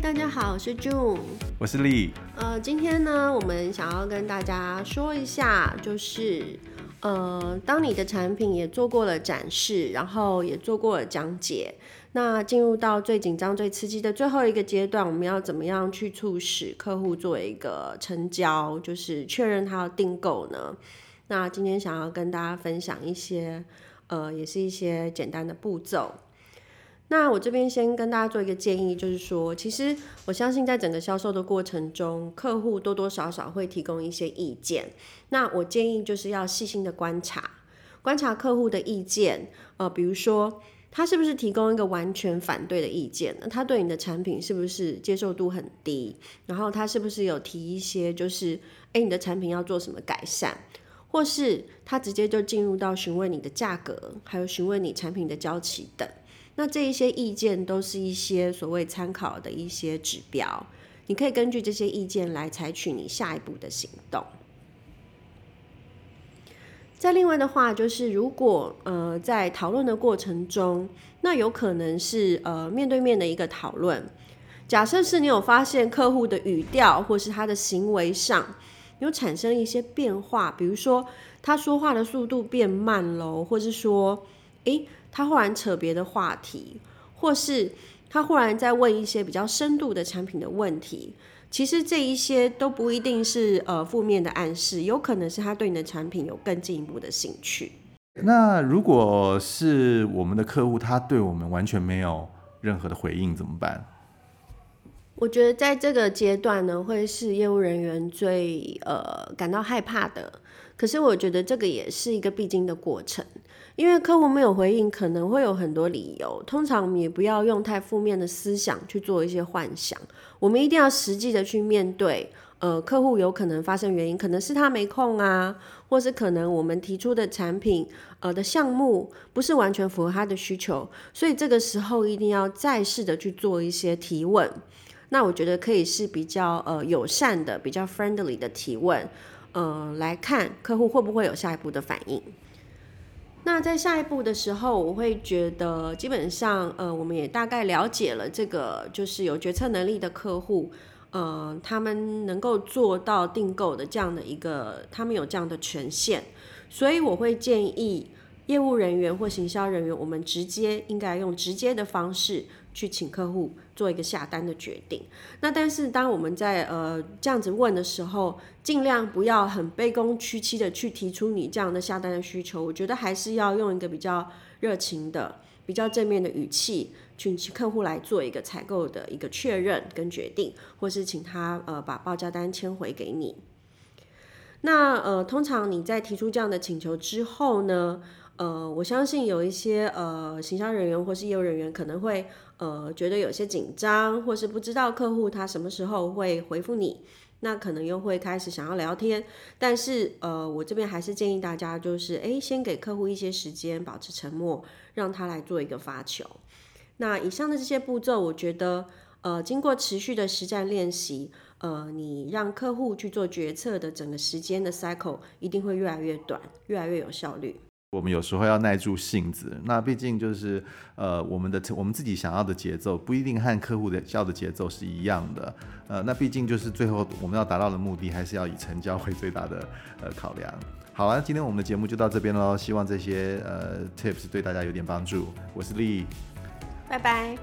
大家好，我是 June。我是 Lee。呃，今天呢，我們想要跟大家說一下，就是，呃，當你的產品也做過了展示，然後也做過了講解，那進入到最緊張、最刺激的最後一個階段，我們要怎麼樣去促使客戶做一個成交，就是確認他要訂購呢？那今天想要跟大家分享一些，呃，也是一些簡單的步驟。那我這邊先跟大家做一個建議，就是說，其實我相信在整個銷售的過程中，客戶多多少少會提供一些意見。那我建議就是要細心的觀察，觀察客戶的意見，呃，比如說他是不是提供一個完全反對的意見？他對你的產品是不是接受度很低？然後他是不是有提一些，就是哎、欸，你的產品要做什麼改善？或是他直接就進入到詢問你的價格，還有詢問你產品的交期等。那這一些意見都是一些所謂參考的一些指標，你可以根據這些意見來採取你下一步的行動。再另外的話，就是如果呃在討論的過程中，那有可能是呃面對面的一個討論。假設是你有發現客戶的語調或是他的行為上有產生一些變化，比如說他說話的速度變慢嘍，或是說。誒、欸，他忽然扯別的話題，或是他忽然在問一些比較深度的產品的問題，其實這一些都不一定是呃負面的暗示，有可能是他對你的產品有更進一步的興趣。那如果是我們的客戶，他對我們完全沒有任何的回應，怎麼辦？我覺得在這個階段呢，會是業務人員最呃感到害怕的。可是我覺得這個也是一個必經的過程，因為客戶沒有回應，可能會有很多理由。通常我們也不要用太負面的思想去做一些幻想，我們一定要實際的去面對。呃，客戶有可能發生原因，可能是他沒空啊，或是可能我們提出的產品呃的項目不是完全符合他的需求，所以這個時候一定要再試着去做一些提問。那我覺得可以是比較呃友善的、比較 friendly 的提問，嗯、呃，來看客戶會不會有下一步的反應。那在下一步的時候，我會覺得基本上呃，我們也大概了解了這個，就是有決策能力的客戶，嗯、呃，他們能夠做到訂購的這樣的一個，他們有這樣的權限，所以我會建議。業務人員或行銷人員，我們直接應該用直接的方式去請客戶做一個下單的決定。那但是，當我們在呃這樣子問的時候，儘量不要很卑躬屈膝的去提出你這樣的下單的需求。我覺得還是要用一個比較熱情的、比較正面的語氣，去請客戶來做一個採購的一個確認跟決定，或是請他呃把報價單簽回給你。那呃，通常你在提出這樣的請求之後呢，呃，我相信有一些呃行銷人員或是業務人員可能會呃覺得有些緊張，或是不知道客戶他什麼時候會回復你，那可能又會開始想要聊天。但是呃，我這邊還是建議大家就是，誒，先給客戶一些時間，保持沉默，讓他來做一個發球。那以上的這些步驟，我覺得呃，經過持續的實戰練習。呃，你讓客戶去做決策的整個時間的 cycle 一定會越來越短，越來越有效率。我們有時候要耐住性子，那畢竟就是呃，我們的我們自己想要的節奏不一定和客戶的要的節奏是一樣的。呃，那畢竟就是最後我們要達到的目的，還是要以成交為最大的呃考量。好啊，今天我們的節目就到這邊嘍，希望這些呃 tips 對大家有點幫助。我是 Lee，拜拜。